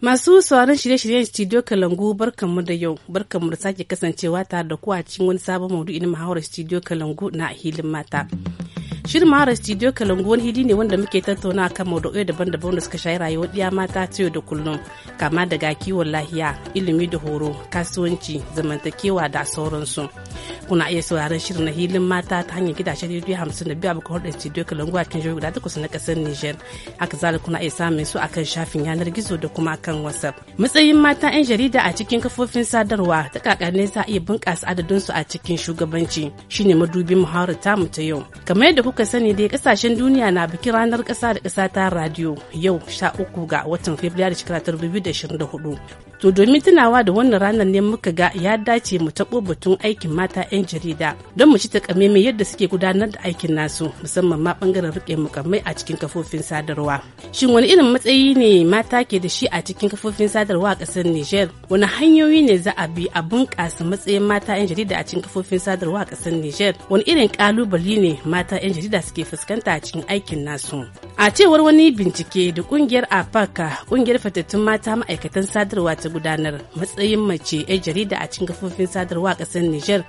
Masu sauran shirye-shiryen Studio Kalangu barkanmu da yau, barkanmu da sake kasancewa tare da kuwa cikin wani sabon maudu'i na muhawarar Studio Kalangu na hilin mata. shirin mara studio kalangu wani hili ne wanda muke tattauna kan maudu'ai daban-daban da suka shayi rayuwar ɗiya mata ta yau da kullum kama daga kiwon lahiya ilimi da horo kasuwanci zamantakewa da sauransu kuna iya sauraron shirin na hilin mata ta hanyar gidajen rediyo hamsin da biyu abu kawar da studio kalangu a cikin guda takwas na kasar niger haka zalika kuna iya samun su akan shafin yanar gizo da kuma akan whatsapp matsayin mata 'yan jarida a cikin kafofin sadarwa ta kakanni za a iya bunƙasa adadinsu a cikin shugabanci shine madubin muhawarar tamu ta yau kamar yadda kuka sani dai kasashen duniya na bikin ranar kasa da kasa ta radio yau 13 ga watan Fabrairu shekara 2024 to domin tunawa da wannan ranar ne muka ga ya dace mu taɓo batun aikin mata 'yan jarida don mu ci takamaimai yadda suke gudanar da aikin nasu musamman ma bangaren rike mukammai a cikin kafofin sadarwa shin wani irin matsayi ne mata ke da shi a cikin kafofin sadarwa a ƙasar niger wani hanyoyi ne za a bi a bunƙasa matsayin mata 'yan jarida a cikin kafofin sadarwa a ƙasar niger wani irin ƙalubale ne mata 'yan jarida suke fuskanta a cikin aikin nasu a cewar wani bincike da ƙungiyar apaka ƙungiyar fatattun mata ma'aikatan sadarwa ta gudanar matsayin mace 'yan jarida a cikin kafofin sadarwa a ƙasar Nijar.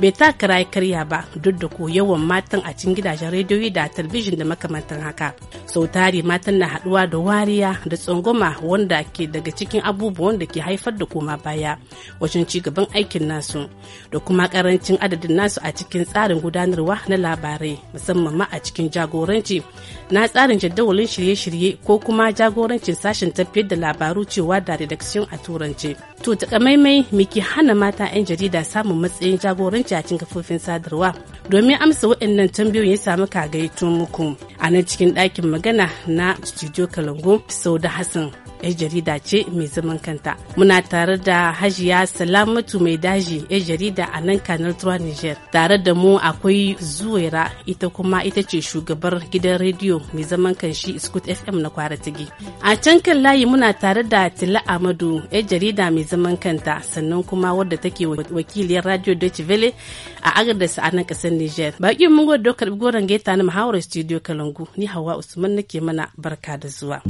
bai takara ya karya ba duk da ko yawan matan a cikin gidajen rediyoyi da talabijin da makamantan haka sau tari matan na haduwa da wariya da tsangwama wanda ke daga cikin abubuwan da ke haifar da koma baya wajen ci gaban aikin nasu da kuma karancin adadin nasu a cikin tsarin gudanarwa na labarai musamman ma a cikin jagoranci na tsarin jadawalin shirye-shirye ko kuma jagorancin sashen tafiyar da labaru cewa da redaction a turanci to takamaimai miki hana mata 'yan jarida samun matsayin jagoranci cikin kafofin sadarwa domin amsa waɗannan tambayoyin samu kagaito muku a nan cikin ɗakin magana na studio kalango sau hassan 'yar jarida ce mai zaman kanta. Muna tare da Hajiya Salamatu mai daji 'yar jarida a nan kanar Tura Niger. Tare da mu akwai Zuwaira ita kuma ita ce shugabar gidan rediyo mai zaman kanshi Scoot FM na Kwaratigi. A can kan layi muna tare da Tila Amadu 'yar jarida mai zaman kanta sannan kuma wadda take wakiliyar Radio Deutsche Welle a Agadas a nan kasar Niger. Baƙi mun gwada dokar goron geta na Muhawarar Studio Kalangu ni Hawa Usman nake mana barka da zuwa.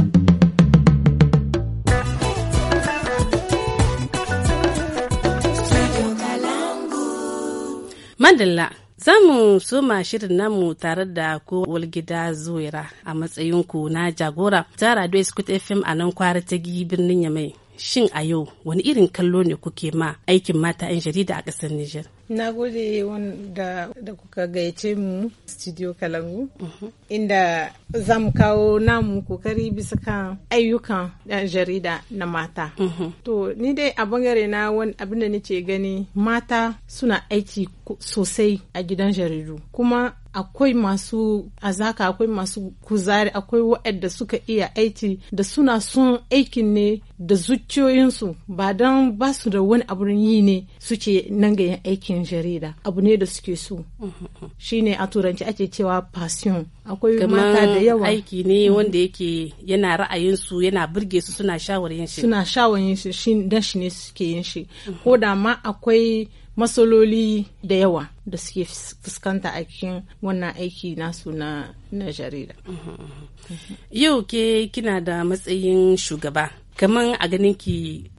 Madalla, za mu soma shirin namu tare da kowal gida zuwera a matsayinku na jagora ta Radio Scoot FM a nan kwara ta gi birnin Yamai. Shin a yau wani irin kallo ne kuke ma aikin mata 'yan jarida a ƙasar Nijar? Na gode wanda da kuka gayyace mu studio Kalangu mhm. inda za mu kawo namu kokari bisa kan ayyukan yan jarida na mata. Mhm. To ni dai a bangare na wani nake gani mata suna aiki sosai a gidan jaridu kuma akwai masu azaka akwai masu kuzari akwai waɗanda suka iya aiki da suna son aikin ne da zuciyoyinsu ba don ba su da wani abin yi ne suke nan ga yin aikin 'yan jarida abu ne da suke so shine a turanci ake cewa passion akwai mata da yawa aiki ne wanda yake yana ra'ayin su yana burge su suna shawarin shi suna shawarin shi dan shi ne suke yin shi ko da ma akwai matsaloli da yawa da suke fuskanta a cikin wannan aiki nasu na na jarida yau ke kina da matsayin shugaba kaman a ganin ki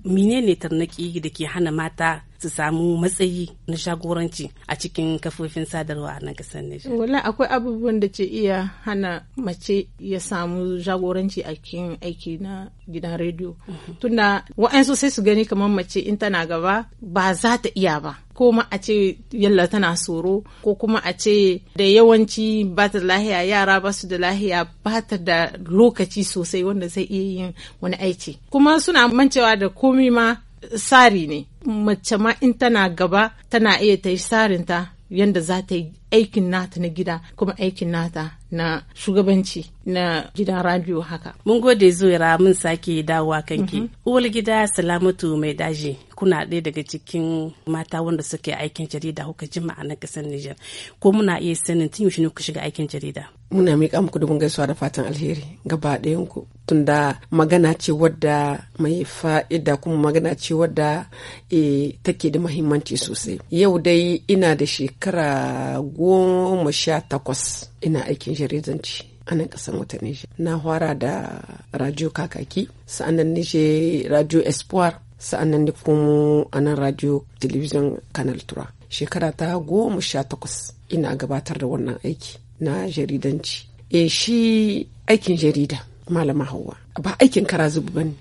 menene tarnaki da ke hana mata su samu matsayi na shagoranci a cikin kafofin sadarwa na kasar Nijar. Wala akwai abubuwan da ke iya hana mace ya samu jagoranci a cikin aiki na gidan rediyo. Mhm. Tunda wa'ansu sai su gani kamar mace in tana gaba ba za ta iya ba. ko ma a ce yalla tana tsoro ko kuma a ce da yawanci ba ta lahiya yara ba su da lahiya ba ta da lokaci sosai wanda zai iya yin wani aiki kuma suna mancewa da komi ma tsari ne mace ma in tana gaba tana iya ta sarinta yadda za ta yi aikin nata na gida kuma aikin nata na shugabanci na gidan radio haka. Mun gode zuwa mun sake dawowa kanki. Mhm. Uwal gida Salamatu mai daji kuna ɗaya daga cikin mata wanda suke aikin jarida kuka jima a nan ƙasar Nijar. Ko muna iya sanin tun yaushe ne kuka shiga aikin jarida? muna miƙa muku dubin gaisuwa da fatan alheri gaba ku tunda magana ce wadda mai fa'ida kuma magana ce wadda e, take da mahimmanci sosai yau dai ina da shekara goma sha takwas ina aikin jaridanci a nan ƙasar wata nije Na hwara da Radio Kakaki, sa'annan nije Radio Espoir, sa'annan da kuma a nan Radio Television Canal Tura. Shekara ta goma sha takwas ina gabatar da wannan aiki. na jaridanci e shi aikin jarida malama hawa ba aikin kara zubu bane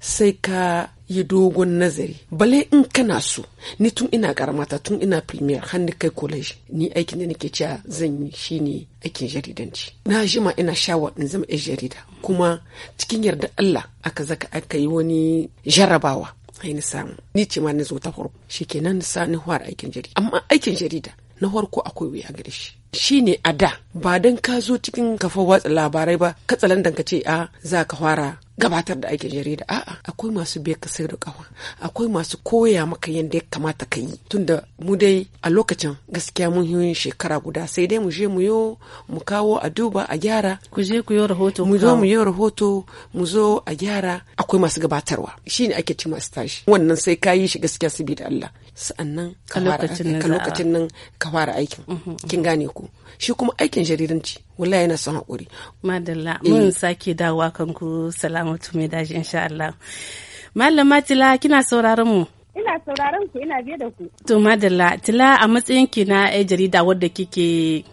sai ka yi dogon nazari bale in kana so ni tun ina karamata tun ina premier hannu kai college ni aikin da nake cewa zan yi shine aikin jaridanci na jima ina shawar in zama yan jarida kuma cikin yarda Allah aka zaka aka yi wani jarabawa ai samu ni ce ma ni zo ta farko shikenan sa ni fara aikin jarida amma aikin jarida na farko akwai wuya gare shi Shi ne a da ba dan ka zo cikin kafar watsa labarai ba katsalandan ka ce a ah, za ka fara gabatar da aikin jarida a'a akwai masu biyar ka da kawa akwai masu koya maka yadda ya kamata ka yi tunda mu dai a lokacin gaskiya mun yi shekara guda sai dai mu je mu yo mu kawo a duba a gyara ku je ku yi rahoto mu zo mu yi rahoto mu zo a gyara akwai masu gabatarwa shine ake ci masu tashi wannan sai ka yi shi gaskiya sabida Allah sa'annan ka lokacin nan ka fara aikin mhm. kin gane ku shi kuma aikin jaririnci wallahi yana son haƙuri madalla eh. mun sake dawowa kanku salamatu mai daji insha Allah Malam tila kina sauraron mu ina sauraron ku ina biye da ku to madalla tila a matsayin ki na yan jarida wadda kike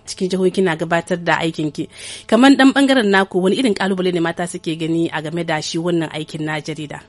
cikin jihohi kina gabatar da aikin ki kamar dan bangaren naku wani irin kalubale ne mata suke gani a game da shi wannan aikin na jarida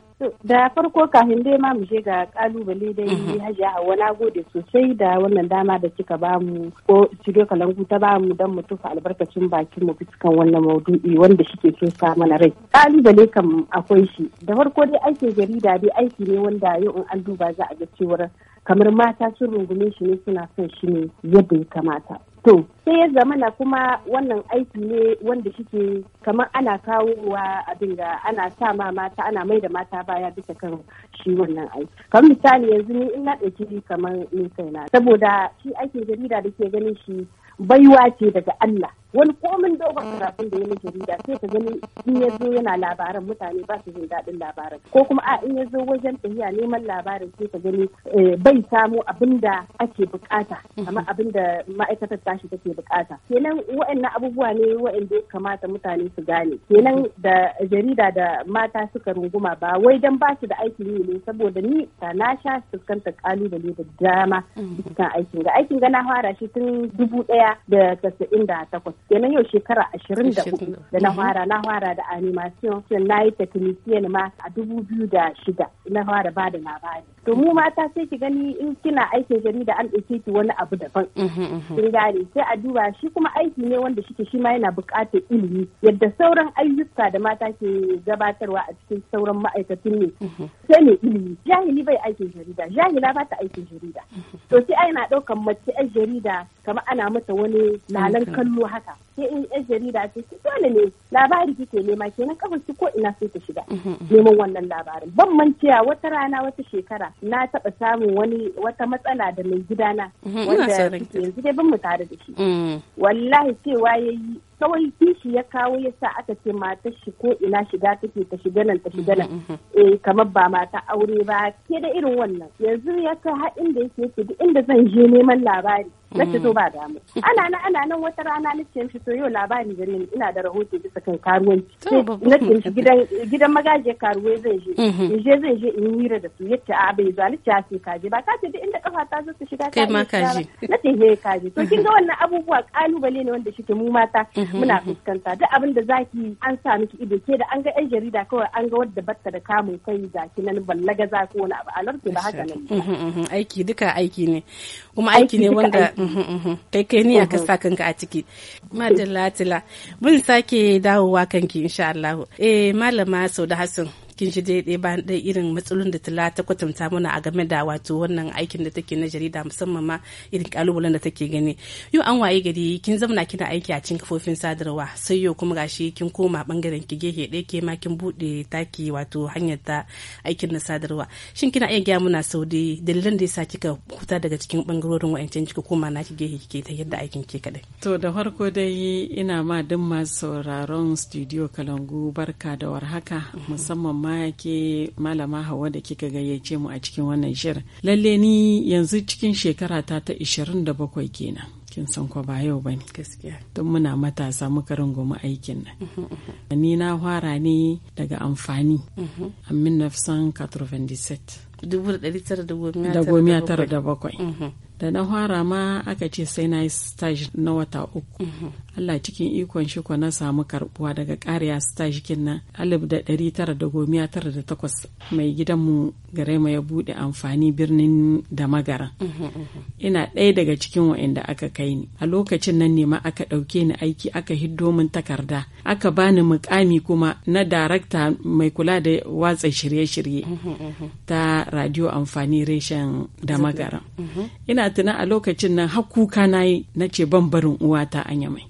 da farko kafin dai ma mu ga kalubale dai mhm. hajiya hawa na gode sosai da wannan dama da kika ba mu ko shige kalangu ta ba mu don mu tufa albarkacin bakin mu fiskan wannan maudu'i wanda shike so sa mana rai kalubale kam akwai shi da farko dai aikin jarida dai aiki ne wanda yau in an duba za a ga cewar kamar mata sun rungume shi ne suna son shi ne yadda ya kamata To sai ya zamana kuma wannan aiki ne wanda shike kamar ana kawowa abin da ana sa ma mata ana mai da mata baya bisa kan shi wannan aiki. Kamar misali yanzu ni in na ɗauki kamar ni kaina saboda shi aikin jarida da ke ganin shi baiwa ce daga Allah. wani komin dogon karatun da ya na jarida sai ka gani in ya zo yana labaran mutane ba su jin daɗin labaran ko kuma a in ya zo wajen tafiya neman labarin sai ka gani eh, bai samu abin da ake bukata amma abin da ma'aikatar tashi take bukata kenan wa'annan abubuwa ne wa'anda ya kamata mutane su gane kenan da jarida da mata suka runguma ba wai dan ba su da aikin yi ne saboda ni ta na sha fuskantar kalubale da dama kan mm. aikin ga aikin ga na fara shi tun dubu ɗaya da tasa'in da takwas kenan yau shekara ashirin da hudu da na fara na fara da animation na yi technician ma a dubu biyu da shida na fara ba da labari to mu mata sai ki gani in kina aikin jarida an ɗauke ki wani abu daban mhm, mhm. kin gane sai a duba shi kuma aiki ne wanda shike shi ma yana buƙatar ilimi yadda sauran ayyuka da mata ke gabatarwa a cikin sauran ma'aikatan ne mhm. sai ne ilimi jahili bai aikin jarida jahila ba ta aikin jarida to sai ana ɗaukan mace 'yan jarida kamar ana mata wani lalan kallo haka ke in yan jarida ce ki dole ne labari kike nema kenan kafar ki ko ina sai ta shiga mm-hmm, mm-hmm. neman wannan labarin ban mancewa wata rana wata shekara na taba samun wani wata matsala da mai gidana mm-hmm, wanda yanzu dai ban mu tare da shi mm. wallahi cewa yayi kawai kishi ya kawo ya sa aka ce matar shi ko ina shiga take ta shiga nan ta shiga nan eh kamar ba mata aure ba ke da irin wannan yanzu ya kai har inda yake yake duk inda zan je neman labari na ce to mm. ba damu ana nan ana nan wata rana na ce mishi to yau labari gare ni ina da rahoto bisa kan karuwanci na ce mishi gidan gidan magaje karuwe zai je mm-hmm. in je zai je in yi da su yace a bai zo ce a ce kaje ba ka ce duk inda kafa ta zo su shiga kai ma kaje na ce he kaje to kin ga wannan abubuwa kalubale ne wanda shike mu mata mm-hmm, muna mm-hmm. fuskanta duk abin da zaki an sa miki ido ke da an ga yan jarida kawai an ga wadda batta da kamun kai ki nan ballaga za ko wani abu alarki ba haka nan aiki duka aiki ne kuma aiki ne wanda Mhm, mhm. kai kai ni ka sa kanka a ciki madalla tila mun sake dawowa kanki insha Allah eh malama Sauda Hassan cikin shi dai ɗaya bayan ɗaya irin matsalolin da tala ta kwatanta mana a game da wato wannan aikin da take na jarida musamman ma irin kalubalen da take gani yau an waye gari kin zauna kina aiki a cikin kafofin sadarwa sai yau kuma gashi kin koma bangaren ki gehe ɗaya ke ma kin buɗe taki wato hanyar ta aikin na sadarwa shin kina iya gaya muna sau da dalilan da yasa kika huta daga cikin bangarorin wa'ancan kika koma na ki gehe ke ta yadda aikin ke kaɗai. to da farko dai ina ma duk masu sauraron studio kalangu barka da warhaka mhm. musamman ma ma ke malama hawa da kika gayyace mu a cikin wannan shirin lalle ni yanzu cikin shekara ta ta 27 kenan kin san ko ba yau bane gaskiya tun muna matasa muka rungumi aikin nan mhm, mhm. ni na fara ne daga amfani mhm. a 1997 da na fara ma aka ce sai na yi stage na wata uku Allah cikin ikon shi na samu karbuwa daga kariya tara da takwas. mai gidanmu gare ya buɗe amfani birnin da magara mm-hmm. ina ɗaya daga cikin wa'inda aka kai ni a lokacin nan ne ma aka ɗauke ni aiki aka hiddo min takarda aka bani mukami kuma na darakta mai kula da watsa shirye-shirye mm-hmm. ta radio amfani reshen da magara mm-hmm. ina tuna a lokacin nan har kuka na yi na ce ban barin uwata anya mai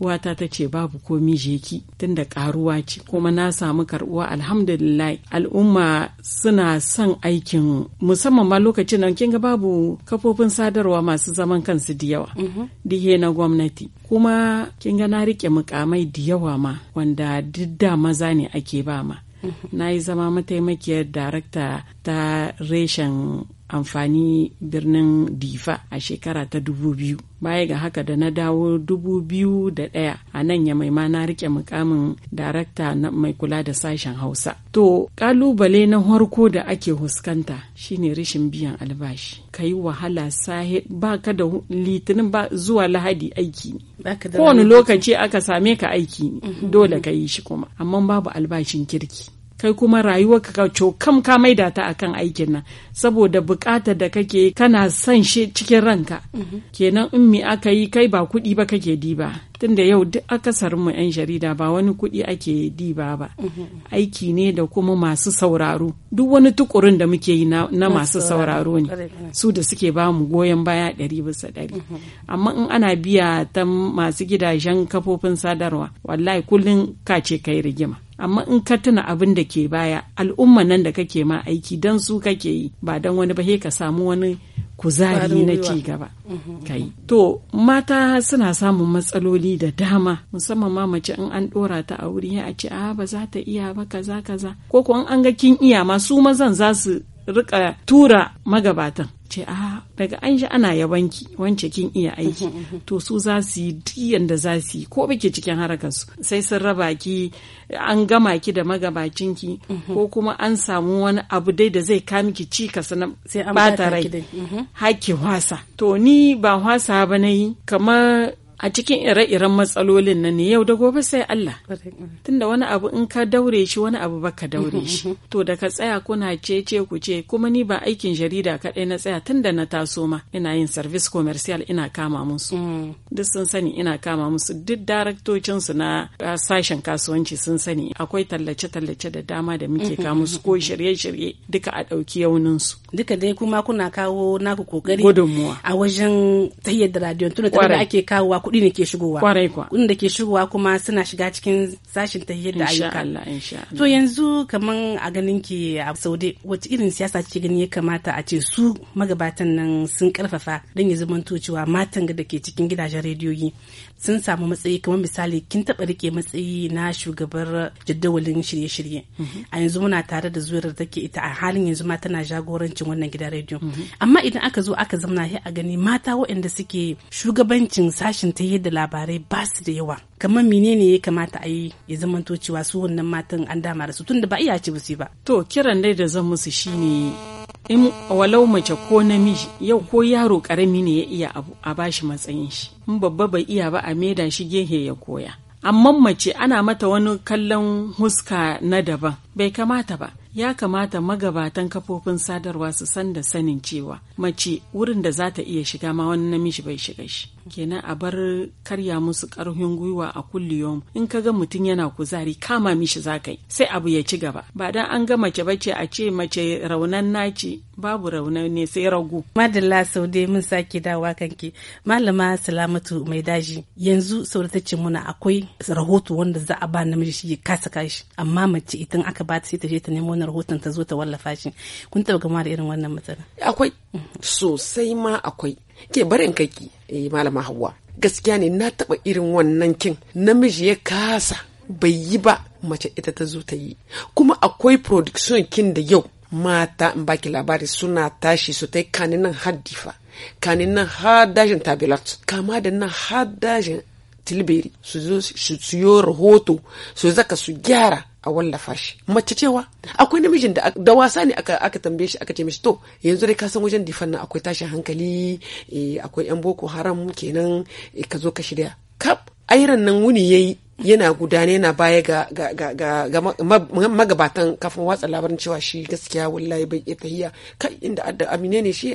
wata ta ce babu komi jeki tunda karuwa ce kuma na samu karbuwa alhamdulillah al'umma suna son aikin musamman ma lokacin nan kinga babu kafofin sadarwa masu zaman kansu da yawa mhm. dihe na gwamnati kuma kinga na rike mukamai da yawa ma wanda duk da maza ne ake ba ma mhm. na yi zama mataimakiyar darakta ta reshen amfani birnin difa a shekara ta dubu biyu baya ga haka da na dawo dubu biyu da ɗaya a nan ya maima na rike mukamin darakta na mai kula da sashen hausa to kalubale na harko da ake huskanta shine rashin biyan albashi ka yi wahala sahe ba ka da litinin ba zuwa lahadi aiki ne kowane lokaci aka same ka aiki ne mhm. dole ka yi shi kuma amma babu albashin kirki kai kuma rayuwar ka cokam ka maida ta akan aikin nan saboda bukatar da kake kana son shi cikin ranka mhm. kenan in me aka yi kai ba kuɗi ba kake diba tunda yau duk akasarin mu yan jarida ba wani kuɗi ake diba ba mhm. aiki ne da kuma masu sauraro duk wani tukurin da muke yi na masu sauraro ne su da suke ba mu goyon baya ɗari bisa ɗari mhm. amma in ana biya ta masu gidajen kafofin sadarwa wallahi kullum kace ce kai rigima amma in ka tuna abin da ke baya al'umma nan da kake ma aiki don su kake yi ba don wani ba ka samu wani kuzari na ci gaba mm-hmm, mm-hmm. kai to mata suna samun matsaloli da dama musamman ma mace in an dora ta a wuri a ce a ah, ba za ta iya ba kaza kaza ko ko an ga kin iya ma su mazan za su rika tura magabatan ce a daga an ji ana yabanki wance kin iya aiki mhm, mhm. to su za su yi diyan da za su yi ko bake cikin harakansu. sai sun raba ki an gama ki da magabacin ki mhm. ko kuma an samu wani abu dai da zai kami ki ci ka sanar bata rai haki wasa to ni ba wasa ba na yi kamar a cikin ire-iren matsalolin nan ne yau da gobe sai Allah tunda wani abu in ka daure shi wani abu baka daure shi to da ka tsaya kuna cece ku ce kuma ni ba aikin jarida kaɗai na tsaya tunda na taso ma ina yin sarvis commercial ina kama musu mm. duk sun sani ina kama musu duk daraktocinsu na sashen kasuwanci sun sani akwai tallace-tallace da dama da muke mm-hmm. kama musu ko shirye-shirye duka a ɗauki yaunin su duka dai kuma kuna kawo naku kokari a wajen tahiyar da radiyon tunda da ake kawowa kuɗi ne ke shigowa kuɗin da ke shigowa kuma suna shiga cikin sashin tahiyar da ayyuka to yanzu kaman a ganin ki a saude wata irin siyasa ce gani ya kamata a ce su magabatan nan sun karfafa don ya zama cewa matan da ke cikin gidajen rediyoyi sun samu matsayi kamar misali kin taɓa rike matsayi na shugabar jadawalin shirye-shirye a yanzu muna tare da zuwar da take ita a halin yanzu ma tana jagorancin wannan gidan rediyo amma idan aka zo aka zamna sai a gani mata waɗanda suke shugabancin sashen ta da labarai ba su da yawa kamar menene ya kamata a yi ya to cewa su wannan matan an dama da su tunda ba iya ce ba to kiran dai da zan musu shine in walau mace ko namiji yau ko yaro karami ne ya iya a bashi matsayin shi in babba bai iya ba a maida shi gehe ya koya amma mace ana mata wani kallon huska na daban bai kamata ba ya kamata magabatan kafofin sadarwa su san da sanin cewa mace wurin da za ta iya shiga ma wani namiji bai shiga shi kenan a bar karya musu karfin gwiwa a kulliyom in ka ga mutum yana kuzari kama mishi za ka yi sai abu ya ci gaba ba dan an ga mace bace a ce mace raunan naci babu raunan ne sai ragu madalla sau dai mun sake dawa kanki malama salamatu mai daji yanzu sauratacce muna akwai rahoto wanda za a ba namiji shi ya kasa kashi amma mace idan aka ba ta sai ta je ta nemo wani rahoton ta zo ta wallafa shi kun taba gama da irin wannan matsala akwai mm. sosai ma akwai ke barin kaki eh malama Hauwa gaskiya ne na taba irin wannan kin namiji ya kasa bai yi ba mace ita ta zo ta yi kuma akwai production kin da yau mata in baki labari suna tashi su ta yi kanin nan haddifa kanin nan hadajin tabilat kama da nan hadajin tilbiri su zo su siyo rahoto su zaka su gyara a wallafa shi mace cewa akwai namijin da da wasa ne aka aka tambaye shi aka ce mishi to yanzu dai ka san wajen difan nan akwai tashin hankali eh, akwai yan boko haram kenan eh, ka zo ka shirya kap airan nan wuni yayi yana gudane yana baya ga, ga, ga, ga, magabatan kafin watsa labarin cewa shi gaskiya wallahi bai iya tahiya kai inda adda amine ne shi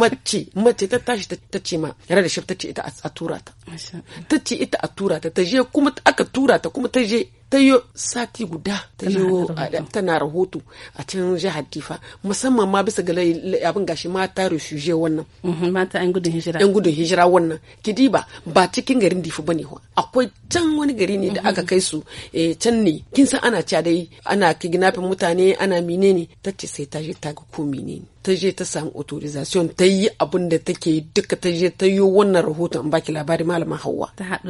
mace mace ta tashi ta ce ma yana da shi ta ce ita a tura ta ta ce ita a tura ta ta je kuma aka tura ta kuma ta je ta yi sati guda tana rahoto a can jihar difa musamman ma bisa ga abin gashi mata refugee wannan mhm, mata yan gudun hijira yan gudun hijira wannan kidiba ba cikin garin difa bane akwai can wani gari ne da mhm. aka kai su eh, can ne kin san ana ca dai ana kidnapping mutane ana menene tace sai ta je ta ga ko menene ta je ta samu authorization ta yi abin da take yi duka ta je ta yi wannan rahoton an baki labari malama hawa ta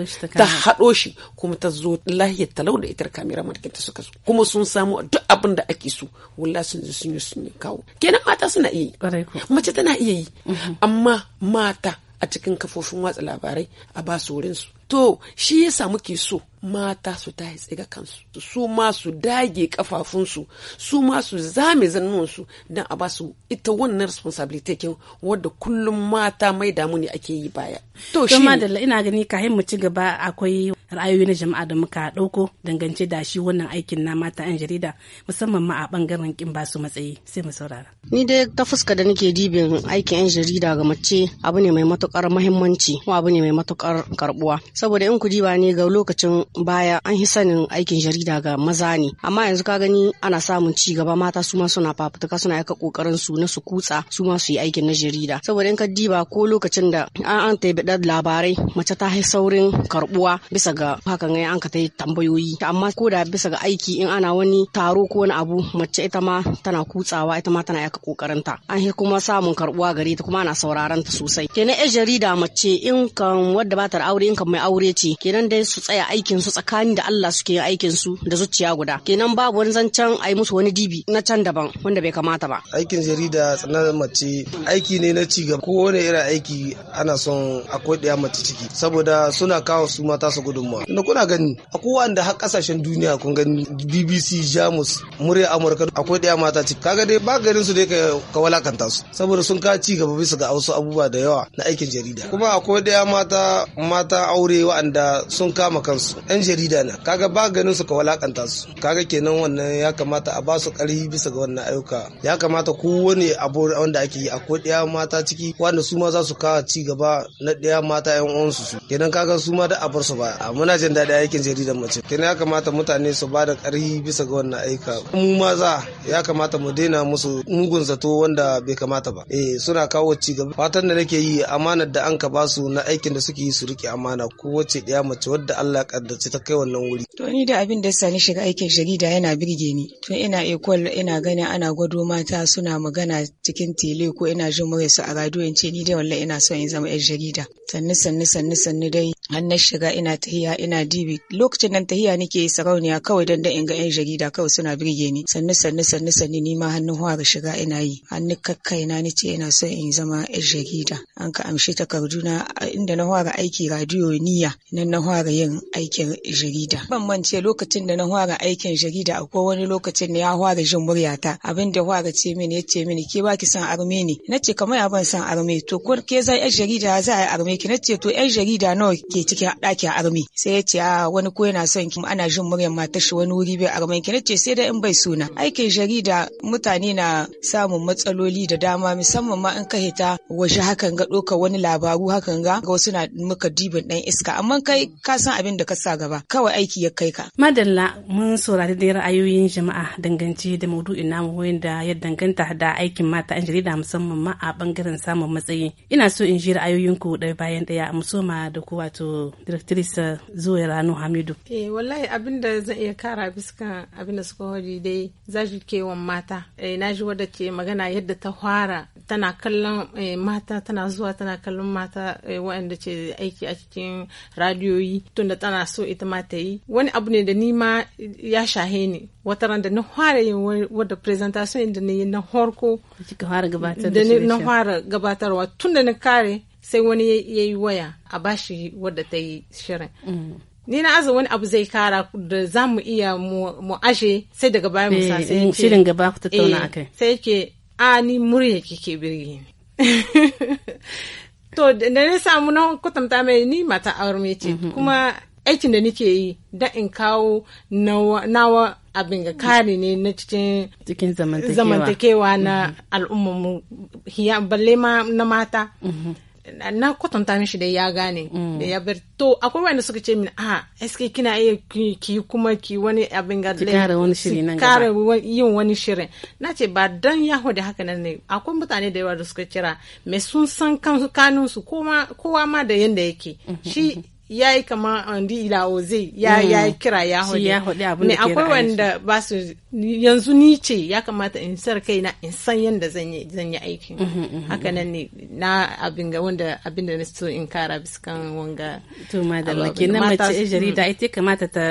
haɗo shi kuma ta zo lahiyar talau da itar kamera markin ta suka zo kuma sun samu duk abin da ake so wallahi sun zo sun yi sun yi kawo kenan mata suna iya yi mace tana iya yi mhm. amma mata a cikin kafofin watsa labarai a ba su wurinsu to shi yasa muke so mata su ta tsiga kansu su ma su dage kafafunsu su ma su zame zannuwansu don a ba su ita wannan responsibility kin wadda kullum mata mai damu ne ake yi baya to shi madalla ina gani ka mu ci gaba akwai ra'ayoyi na jama'a da muka dauko dangance da shi wannan aikin na mata yan jarida musamman ma a bangaren kin ba su matsayi sai mu saurara ni dai ta fuska da nake dibin aikin yan jarida ga mace abu ne mai matukar muhimmanci ko abu ne mai matukar karbuwa saboda in ku diba ne ga lokacin baya an yi sanin aikin jarida ga maza ne amma yanzu ka gani ana samun ci gaba mata su ma suna fafutuka suna aika kokarin su na su kutsa su ma su yi aikin na jarida saboda in ka diba ko lokacin da an an taibida labarai mace ta yi saurin karbuwa bisa ga hakan ga an ka ta yi tambayoyi amma ko da bisa ga aiki in ana wani taro ko wani abu mace ita ma tana kutsawa ita ma tana aika kokarinta an yi kuma samun karbuwa gare ta kuma ana sauraron ta sosai kenan yan jarida mace in kan wadda ba ta aure in kan mai aure ce kenan dai su tsaya aikin aikin su tsakanin da Allah suke yin aikin su da zuciya guda kenan babu wani zancen a yi musu wani dibi na can daban wanda bai kamata ba aikin jarida tsanar mace aiki ne na ci gaba kowane irin aiki ana son akwai ɗaya mace ciki saboda suna kawo su mata su gudunmawa inda kuna gani akwai wanda har kasashen duniya kun gani BBC Jamus murya Amurka akwai ɗaya mata ciki kaga dai ba garin su dai ka walakanta su saboda sun ka ci gaba bisa ga wasu abubuwa da yawa na aikin jarida kuma akwai daya mata mata aure wa'anda sun kama kansu 'yan jarida na kaga ba ganin su ka walakanta su kaga kenan wannan ya kamata a ba su karhi bisa ga wannan ayyuka ya kamata kowane abu wanda ake yi akwai ɗaya mata ciki wanda su ma za su kawo ci gaba na ɗaya mata 'yan uwansu su kenan kaga su ma da a bar su ba a muna jin daɗin aikin jaridar mace kenan ya kamata mutane su ba da karhi bisa ga wannan ayyuka mu maza ya kamata mu daina musu mugun zato wanda bai kamata ba eh suna kawo ci gaba fatan da nake yi amanar da an ka ba su na aikin da suke yi su rike amana ko wacce ɗaya mace wadda Allah ya wacce ta kai wannan wuri. To ni da abin da sani shiga aikin jarida yana birge ni. Tun ina ekol ina ganin ana gwado mata suna magana cikin tele ko ina jin murya su a radio in ce ni dai wallahi ina son in zama 'yar jarida. Sannu sannu sannu sannu dai har na shiga ina tahiya ina dibi lokacin nan tahiya nake sarauniya kawai dan da in ga yan jarida kawai suna birge ni sannu sannu sannu sannu ni ma hannun hwara shiga ina yi hannu kakkai na ce ina so in zama yan jarida an ka amshi takarduna inda na hwara aiki radiyo niya nan na hwara yin aikin jarida ban mance lokacin da na hwara aikin jarida akwai wani lokacin da ya hwara jin muryata abin hwara ce mini ya ce mini ke baki san arme ne na ce kamar ya ban san arme to ko ke zai yan jarida za a yi arme ki na to yan jarida nawa ke ke cikin a armi sai ya ce a wani ko yana son ki ana jin muryar matar shi wani wuri bai armi ki ce sai da in bai suna aikin jarida mutane na samun matsaloli da dama musamman ma in ka ta waje hakan ga ɗaukar wani labaru hakan ga ga wasu na muka dibin ɗan iska amma kai ka san abin da ka sa gaba kawai aiki ya kai ka. madalla mun saurari da ra'ayoyin jama'a dangance da maudu'in namu wanda ya danganta da aikin mata an jarida musamman ma a bangaren samun matsayi ina so in ji ra'ayoyinku ɗaya bayan ɗaya musoma da ku wato wato directrice zuwa ranu hamidu eh wallahi abin da zan iya kara biskan abin da suka hori dai zaji kewan mata eh na ji wadda ke magana yadda ta fara tana kallon eh, mata tana zuwa tana kallon mata eh, waɗanda ce aiki a cikin radiyoyi tunda tana so ita ma ta yi wani abu ne da ni ma ya shahe ni wata ran da na fara yin wadda presentation da na na horko da na fara gabatarwa tun da na kare sai wani ya yi waya a bashi wadda ta yi shirin ni na aza wani abu zai kara da za mu iya mu ashe sai daga bayan mu eh, sai eh, shirin gaba ku tattauna eh, akai sai ke a ni murya kike birge ni to da na samu na kwatanta mai ni mata aure ce mhm, kuma aikin da nake yi da in kawo nawa abin ga kare ne na cikin zamantakewa na mhm. al'ummarmu balle ma na mata mhm. na kwatanta mishi da ya gane mm. da ya bar to akwai wanda suka ce min a ah, eske kina iya ki kuma ki wani abin ga wani shiri yin wani shirin na ce ba dan yaho da haka nan ne akwai mutane da yawa da suka kira me sun san kan kanun su kowa ma da yanda yake mm-hmm, shi mm-hmm. ya yi kama andi ilawo zai ya ya kira ya hudu ne akwai wanda ba su yanzu ni ce ya kamata in sar na in san yadda zan yi aikin mhm, mhm, haka mhm. nan ne na abin ga wanda abin da na so in kara biskan wanga to madalla kenan mace jarida mm. ita kamata ta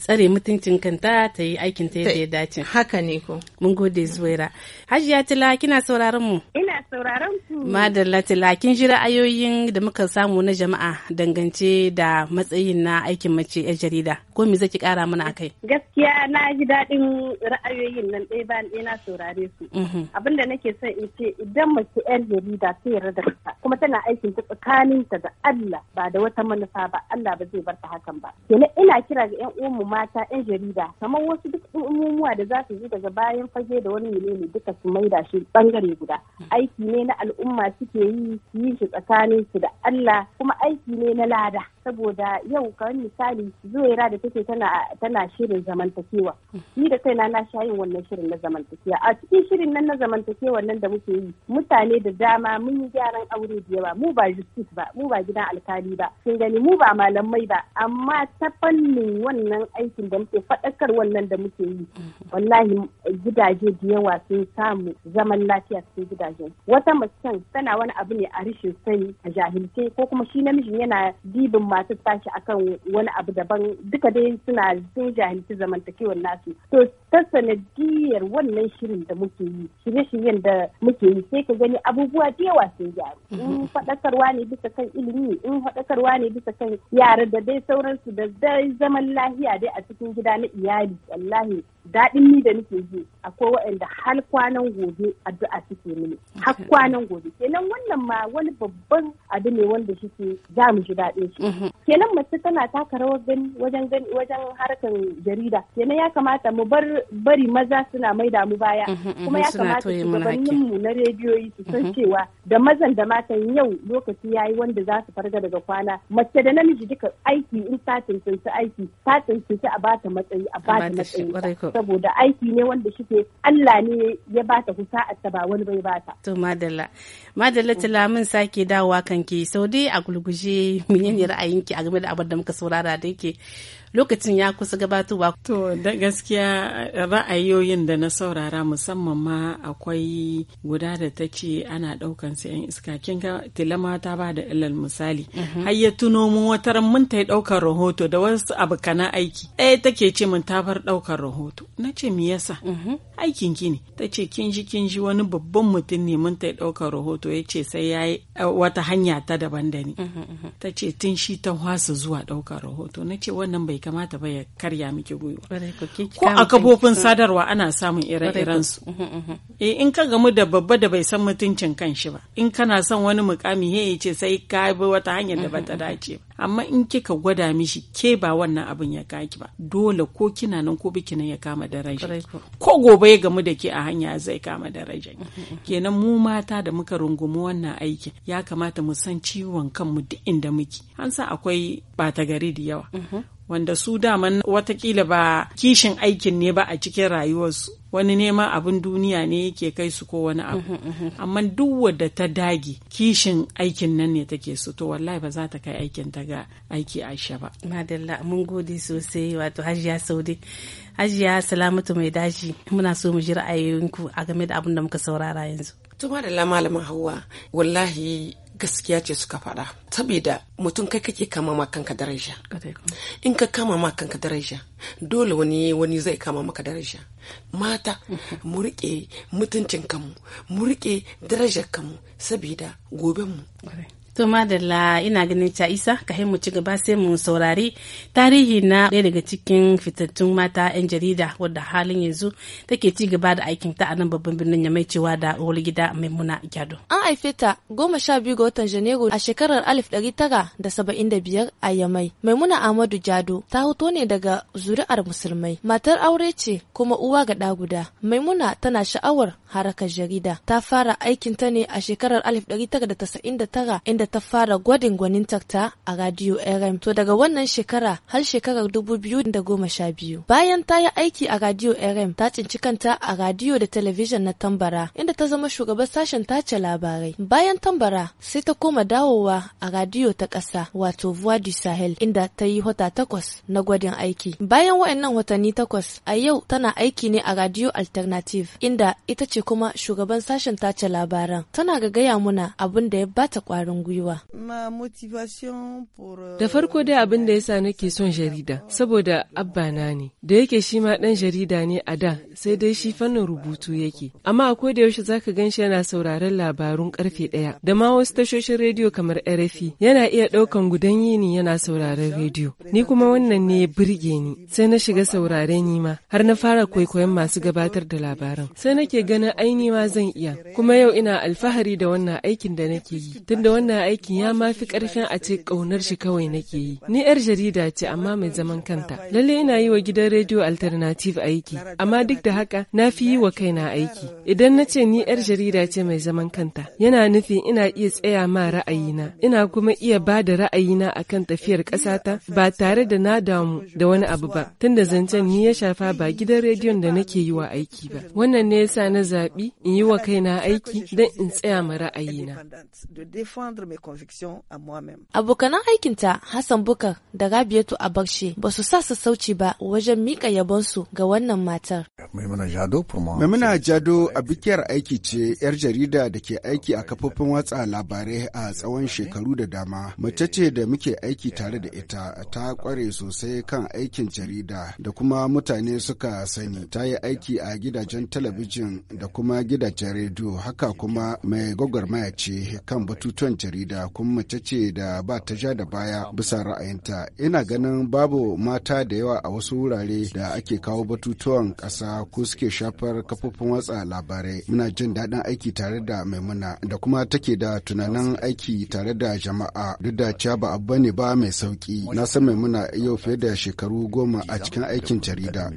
tsare mutuncin kanta ta yi aikin ta yadda ya dace haka ne ko mun gode zuwaira hajiya tila kina sauraron mu ina sauraron ku madalla tila kin ji ra'ayoyin da muka samu na jama'a dangance da matsayin na aikin mace yar jarida ko me zaki kara mana akai gaskiya na ji daɗin ra'ayoyin nan ɗaya bayan ɗaya na saurare su mhm. abinda nake son in ce idan mace yar jarida ta yarda da kasa. kuma tana aikin ta tsakaninta da Allah ba da wata manufa ba Allah ba zai bar ta hakan ba kenan ina kira ga 'yan mu mata 'yan jarida kamar wasu duk umumuwa da za su yi daga bayan fage da wani ne duka su maida shi bangare guda aiki ne na al'umma suke yi yi shi tsakanin su da Allah kuma aiki ne na lada saboda yau kamar misali zuwaira da take tana tana shirin zamantakewa ni da kaina na sha yin wannan shirin na zamantakewa a cikin shirin nan na zamantakewa nan da muke yi mutane da dama mun yi gyaran aure da yawa mu ba justice ba mu ba gidan alkali ba kin gani mu ba malamai ba amma ta fannin wannan aikin da muke faɗakar wannan da muke yi wallahi gidaje da yawa sun samu zaman lafiya cikin gidajen wata macen tana wani abu ne a rashin sani a jahilce ko kuma shi namijin yana dibin masu tashi akan wani abu daban duka dai suna sun jahilci zamantakewar nasu to ta sanadiyar wannan shirin da muke yi shirye-shiryen da muke yi sai ka gani abubuwa da yawa sun gyaru in faɗakarwa ne bisa kan ilimi in faɗakarwa ne bisa kan yara da dai sauransu da dai zaman lafiya dai a cikin gida na iyali wallahi daɗin ni da nake ji akwai waɗanda har kwanan gobe addu'a suke mini har kwanan gobe kenan wannan ma wani babban abu ne wanda shike za mu ji daɗin shi mm-hmm. kenan mace tana taka rawar gani wajen gani wajen harkan jarida kenan ya kamata mu bar bari maza suna mai da mu baya mm-hmm, mm-hmm. kuma ya kamata shugabannin mu na rediyoyi su san cewa da mazan da matan yau lokaci yayi wanda za su farga daga kwana mace da namiji duka aiki in satin su aiki satin tantance a bata matsayi a bata matsayi saboda aiki ne wanda shi Allah ne ya ba ta ba wani bai bata to madalla madalla tilamin sake dawowa kanki sau dai a gulguje menene ra'ayinki a game da abin da muka saurara da yake lokacin ya kusa gabatowa. To da gaskiya ra'ayoyin da na saurara musamman ma akwai guda da ta ce ana ɗaukan su 'yan iska kin ga tilama ta ba da ilal misali. Mhm. Har ya tuno mu wata mun ta ɗaukar rahoto da wasu abu kana aiki. Ɗaya take ce mun ta bar ɗaukar rahoto. Na ce me yasa? Mhm. Aikin ki ne. Ta ce kin ji kin ji wani babban mutum ne mun ta ɗaukar rahoto ya ce sai ya yi wata hanya ta daban da ni. Mhm, ta ce tun shi ta hwasa zuwa ɗaukar rahoto. Na ce wannan bai kamata ba karya miki gwiwa ko a kafofin sadarwa ana samun ire-iren su eh, in ka gamu da babba da bai san mutuncin kan shi ba in kana son wani mukami he ya ce sai ka bi wata hanyar da bata dace ba amma in kika gwada mishi ke ba wannan abin ya kaki ba dole ko kina nan ko biki nan ya kama daraja ko gobe ya gamu da ke a hanya zai kama daraja kenan mu mata da muka rungumi wannan aikin ya kamata mu san ciwon kanmu duk inda muke an sa akwai bata gari da yawa wanda su daman watakila ba kishin aikin ne ba a cikin rayuwarsu wani neman abin duniya ne yake kai su ko wani abu amma duk wadda ta dage kishin aikin nan ne take so to wallahi ba za ta kai aikin ta ga aiki aisha ba madalla mun gode sosai wato hajiya saude hajiya salamatu mai daji muna so mu ji ra'ayoyinku a game da abin da muka saurara yanzu tuma da malama hawa wallahi gaskiya ce suka faɗa saboda mutum kai kake kama ma kanka daraja in ka kama ma kanka daraja dole wani wani zai kama maka daraja mata mu riƙe mutuncin kanmu mu riƙe darajar kanmu saboda mu To madalla ina ganin ca isa ka mu ci gaba sai mu saurari tarihi na ɗaya daga cikin fitattun mata 'yan jarida wadda halin yanzu take ci gaba da aikin ta a nan babban birnin ya mai cewa da gida maimuna gyado. An haife ta goma sha biyu ga watan Janairu a shekarar alif ɗari tara da saba'in da biyar a Yamai. Maimuna Ahmadu Jado ta hoto ne daga zuri'ar musulmai. Matar aure ce kuma uwa ga ɗa guda. Maimuna tana sha'awar harakar jarida. Ta fara aikin ta ne a shekarar alif ɗari tara da tasa'in da tara inda ta fara gwadin gwanin takta a Radio RM to daga wannan shekara har shekarar dubu biyu da goma sha biyu. Bayan ta yi aiki a Radio RM ta cinci kanta a radio da talabijin na Tambara inda ta zama shugaban sashen tace labarai. Bayan Tambara sai ta koma dawowa a radio ta ƙasa wato Voix du Sahel inda ta yi wata takwas na gwadin aiki. Bayan wayannan watanni takwas a yau tana aiki ne a Radio Alternative inda ita ce kuma shugaban sashen tace labaran. Tana ga gaya muna abin da ya bata kwarin gwiwa. gwiwa? Euh, da farko dai abin da ya sa nake son jarida, saboda abba na ne, da yake shi ma ɗan jarida ne a da sai dai shi fannin rubutu yake. Amma a da yaushe zaka gan shi yana sauraron labarun karfe ɗaya, da ma wasu tashoshin rediyo kamar RFI, yana iya ɗaukan gudan yini yana sauraron rediyo. Ni kuma wannan ne ya burge ni, sai na shiga saurare ni ma, har na fara kwaikwayon masu gabatar da labaran. Sai nake ganin aini ma zan iya, kuma yau ina alfahari da wannan aikin da nake yi, tunda wannan wannan aikin ya ma fi karfin a ce ƙaunar shi kawai nake yi. Ni 'yar jarida ce amma mai zaman kanta. Lalle ina yi wa gidan rediyo alternative aiki, amma duk da haka na fi yi wa kaina aiki. Idan na ce ni 'yar jarida ce mai zaman kanta, yana nufin ina iya tsaya ma ra'ayina, ina kuma iya ba da ra'ayina akan tafiyar ƙasata ba tare da na damu da wani abu ba, tunda zancen ni ya shafa ba gidan rediyon da nake yi wa aiki ba. Wannan ne ya sa na zaɓi in yi wa kaina aiki don in tsaya ma ra'ayina. mai conviction a moi Abokanan aikinta Hassan Bukar da Rabiatu Abarshe ba su sa su sauci ba wajen mika yabonsu ga wannan matar. Maimuna Jado Maimuna Jado a bikiyar aiki ce 'yar jarida da ke aiki a kafofin watsa labarai a tsawon shekaru da dama. Mace ce da muke aiki tare da ita ta kware sosai kan aikin jarida da kuma mutane suka sani. Ta yi aiki a gidajen talabijin da kuma gidajen rediyo haka kuma mai gwagwarmaya ce kan batutuwan jarida. jarida kuma mace ce da ba ta ja da baya bisa ra'ayinta ina ganin babu mata da yawa a wasu wurare da ake kawo batutuwan ƙasa ko suke shafar kafofin watsa labarai muna jin daɗin aiki tare da maimuna da kuma take da tunanin aiki tare da jama'a duk da cewa ba abu ne ba mai sauki na san maimuna yau fiye da shekaru goma a cikin aikin jarida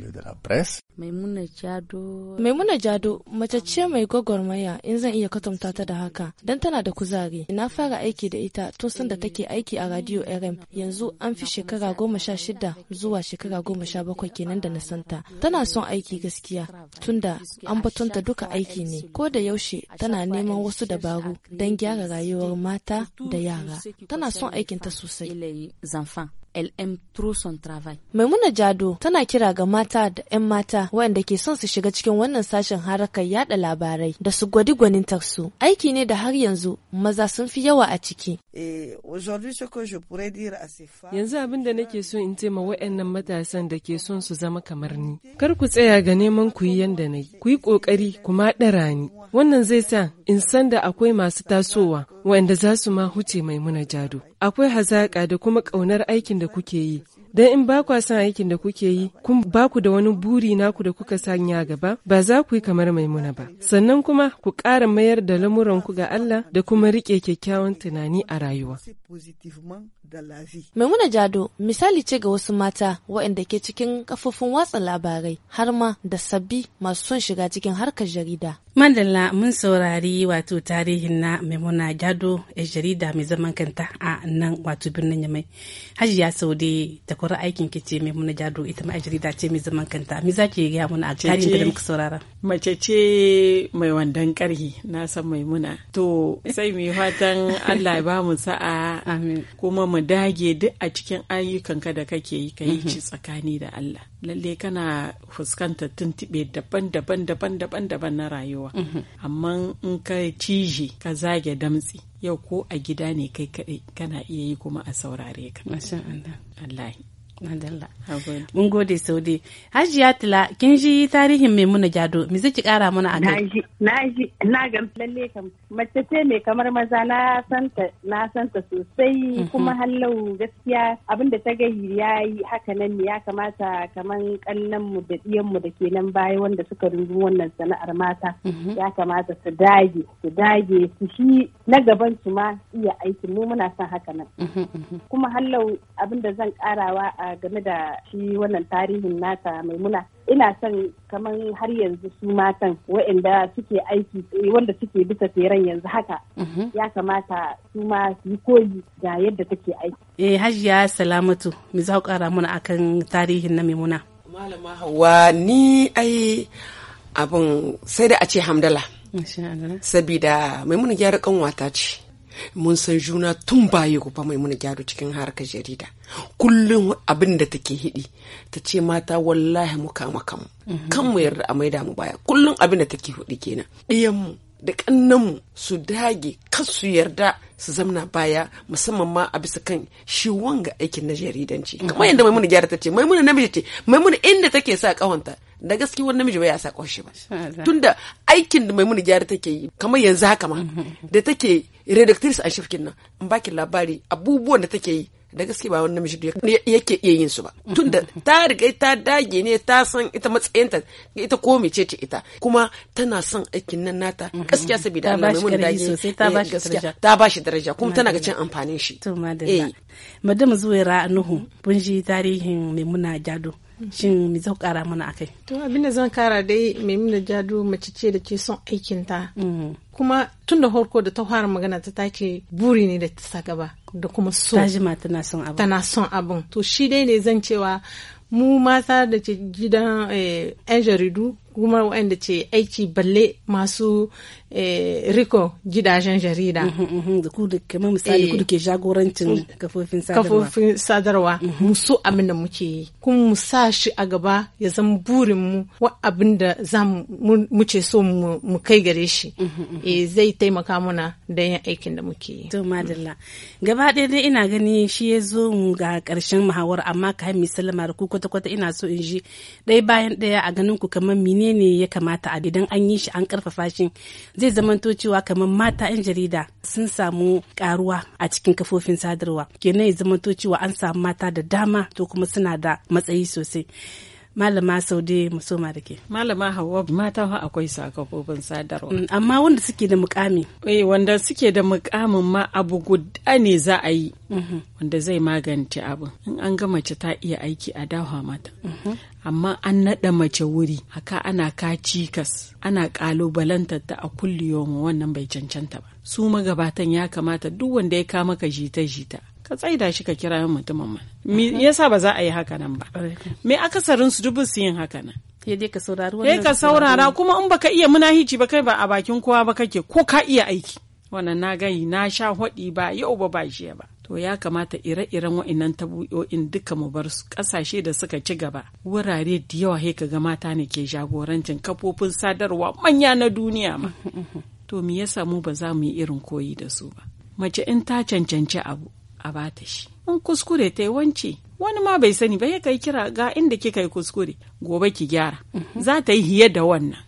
Maimuna Jado. Maimuna Jado mace ce mai gwagwarmaya in zan iya kwatanta ta da haka don tana da kuzari. Na fara aiki da ita tun san da take aiki a Radio RM yanzu an fi shekara goma sha shida zuwa shekara goma sha bakwai kenan da na santa. Tana son aiki gaskiya tunda an batunta duka aiki ne ko da yaushe tana neman wasu dabaru don gyara rayuwar mata da yara. Tana son aikinta sosai. lm truson travail. Maimuna Jado tana kira ga mata da 'yan mata waɗanda ke son su shiga cikin wannan sashen harakar yada labarai da su gwadi gwanin su. Aiki ne da har yanzu maza sun fi yawa a ciki. Eh, yanzu abin da nake so in ce ma waɗannan matasan da ke son su zama kamar ni. Kar ku tsaya ga neman ku yi yanda na yi. Ku yi ƙoƙari ku ma ɗara ni. Wannan zai sa in san da akwai masu tasowa waɗanda za su ma huce Maimuna Jado. akwai hazaƙa da kuma ƙaunar aikin da kuke yi dan in ba kwa son aikin da kuke yi kun ba ku da wani buri naku da kuka sanya gaba ba za ku yi kamar maimuna ba sannan kuma ku ƙara mayar da lamuran ku ga Allah da kuma riƙe kyakkyawan tunani a rayuwa maimuna jado misali ce ga wasu mata waɗanda ke cikin kafofin watsa labarai har ma da sabbi masu son shiga cikin harkar jarida madalla mun saurari wato tarihin na maimuna jado jarida mai zaman kanta a nan wato birnin yamai hajiya saude ta horar aikin ki ce muna jadu ita ma jarida ce mai zaman kanta. Me za ki gaya muna a tarihin da muka saurara? Mace ce mai wandan karhi na san Maimuna. To sai mu fatan Allah ya ba mu sa'a. Amin. Kuma mu dage duk a cikin ka da kake yi ka yi ci mhm. tsakani da Allah. Lalle kana fuskantar tuntube daban-daban daban-daban daban na rayuwa. Mhm. Amma in ka cije ka zage damtsi yau ko a gida ne kai kaɗai kana iya yi kuma a saurare ka. Allah. Madalla. Mun gode Saude. Hajiya Tila, kin ji tarihin Maimuna Jado, me ki kara mana a kai? Na ji, na ga lalle kam. Mace ce mai kamar maza na santa, na santa sosai mhm. kuma hallau gaskiya abinda ta ga yi haka nan ne ya kamata kaman kallon mu da diyan mu da ke nan baya wanda suka rubu wannan sana'ar mata. Mhm. Ya kamata su dage, su dage su shi na gaban su ma iya aikin mu muna son haka nan. Mhm, kuma hallau abinda zan karawa a game da shi wannan tarihin nata maimuna ina son kamar har yanzu su matan wa'anda suke aiki wanda suke bisa tseren yanzu haka mhm. ya kamata su ma su yi koyi ga yadda take aiki. Eh hajiya salamatu mu za kara mana akan tarihin na maimuna. Malama hawa ni ai abin sai da a ce hamdala. Sabida maimuna gyara kanwata ce. mun san juna tun baye ba mai muna gyaru cikin harkar jarida kullum abin da take hidi ta ce mata wallahi mu kama kanmu mhm. kanmu yarda a maida mu baya kullum abin da take hudi kenan ɗiyanmu da kannanmu su dage kan su yarda su zamna baya musamman ma a bisa kan shi wanga aikin na jaridanci mhm. kamar yadda mai muna gyara ta ce muna namiji ce Mai muna inda take sa kawanta da gaske wani namiji bai ya sa kawashe ba tunda aikin da mai muna gyara take yi kamar yanzu haka ma mhm. da take redactrice a shafkin nan in baki labari abubuwan da take yi da gaske ba wani namiji yake iya yin su ba tunda ta riga ta dage ne ta san ita matsayinta ita ko mece ce ita kuma tana son aikin nan nata mhm. gaskiya saboda Allah mai mun dage eh, ta bashi daraja ta daraja kuma tana ga cin amfanin shi to madalla eh. madam zuwaira nuhu bunji tarihin maimuna jado shin me za kara mana akai to abinda zan kara dai maimuna jadu mace ce da ke son aikin ta mm-hmm. kuma tun da horko da ta fara magana ta take buri ne da ta sa gaba da kuma so jima tana son abin tana son abin to shi dai ne zan cewa mu mata da ke gidan eh, 'yan jaridu kuma waɗanda ce aiki balle masu eh, riko gidajen jarida. kamar misali ku ke eh, jagorancin um, kafofin sadarwa. Kafofin sadarwa musu abin da muke yi. Kuma mu shi a gaba ya zama burin mu wa abin da za mu ce so mu kai gare shi. Eh, zai taimaka mana da yin aikin da muke yi. To madalla. Gaba ɗaya dai ina gani shi ya zo mu ga ƙarshen muhawar amma ka mi salama da ku kwata-kwata ina so in ji ɗaya bayan ɗaya a ganin ku kamar mini menene ya kamata a idan an yi shi an karfafa shi zai zamanto cewa kamar mata 'yan jarida sun samu karuwa a cikin kafofin sadarwa kenan ya zamanto cewa an samu mata da dama to kuma suna da matsayi sosai malama saude musoma da ke malama hawa mata ha akwai sakakobin sadarwa mm, amma wanda suke da mukami eh wanda suke da mukamin ma abu guda ne za a yi mhm. wanda zai magance abu. in an ga mace ta iya aiki a dawa mata mhm. amma an naɗa mace wuri haka ana ka cikas ana ƙalubalantar ta a kulliyo wannan bai cancanta ba su magabatan ya kamata duk wanda ya kama ka jita jita ka tsaida shi ka kira mutumin mu. me yasa ba za a yi haka nan ba me akasarin su dubu su yin haka nan ya dai ka saurari wannan ka saurara kuma in baka iya munahici ba kai ba a bakin kowa ba kake ko ka iya aiki wannan na gani na sha hodi ba yau ba ba shi ba to ya kamata ire-iren wa'innan tabu'o'in duka mu bar su ƙasashe da suka ci gaba wurare da yawa he ga mata ne ke jagorancin kafofin sadarwa manya na duniya ma to me yasa mu ba za mu yi irin koyi da su ba mace in ta cancanci abu a bata shi in kuskure ta yi wance wani ma bai sani ba ya kai kira ga inda kika yi kuskure gobe ki gyara mhm. za ta yi hiye da wannan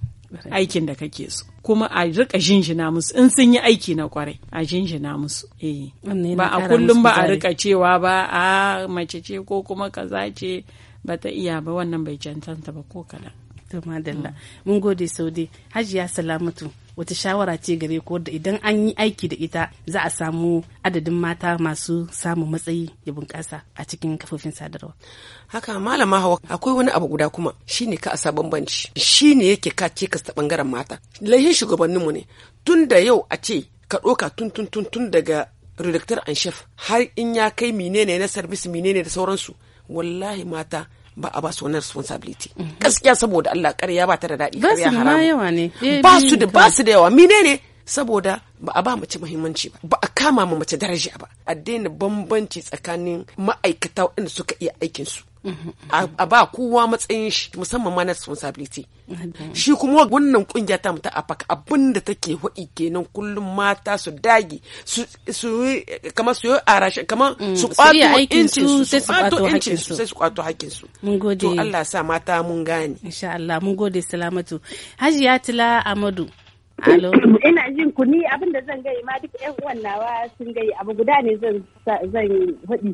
aikin da kake so kuma a rika jinjina musu in sun yi aiki na kwarai a jinjina musu eh ba a kullum ba a rika cewa ba a mace ce ko kuma kaza ce ba ta iya ba wannan bai cancanta ba ko kada. to madalla mm. mun gode dai, hajiya salamatu wata shawara ce gare ko da idan an yi aiki da ita za a samu adadin mata masu samun matsayi ya bunƙasa a cikin kafofin sadarwa haka malama hawa akwai wani abu guda kuma shine ka a sa bambanci shine yake ka ce ka bangaren mata laihin mu ne tun da yau a ce ka ɗoka tun tun tun tun daga redaktar an chef har in ya kai menene na sarbis menene da sauransu wallahi mata ba a ba su wani responsibility mhm. gaskiya saboda Allah ƙarya ba ta da daɗi ƙarya haramu ba su da ba eh, su da yawa menene saboda ba a ba mace muhimmanci ba ba a kama ma mace daraja ba a daina bambanci tsakanin ma'aikata waɗanda suka iya aikin su a ba kowa matsayin shi musamman ma na responsibility shi kuma wannan kungiya ta mutu afak abin da take hudi kenan kullum mata su dage su kama su yi arashi kama mm, su kwato incin su su kwato incin su sai su kwato hakkin su mun gode to Allah sa mata mun gane insha Allah mun gode salamatu hajiya tila amadu Alo. Ina jin ku ni abin da zan gai ma duk ƴan uwan nawa sun gai abu guda ne zan zan hudi.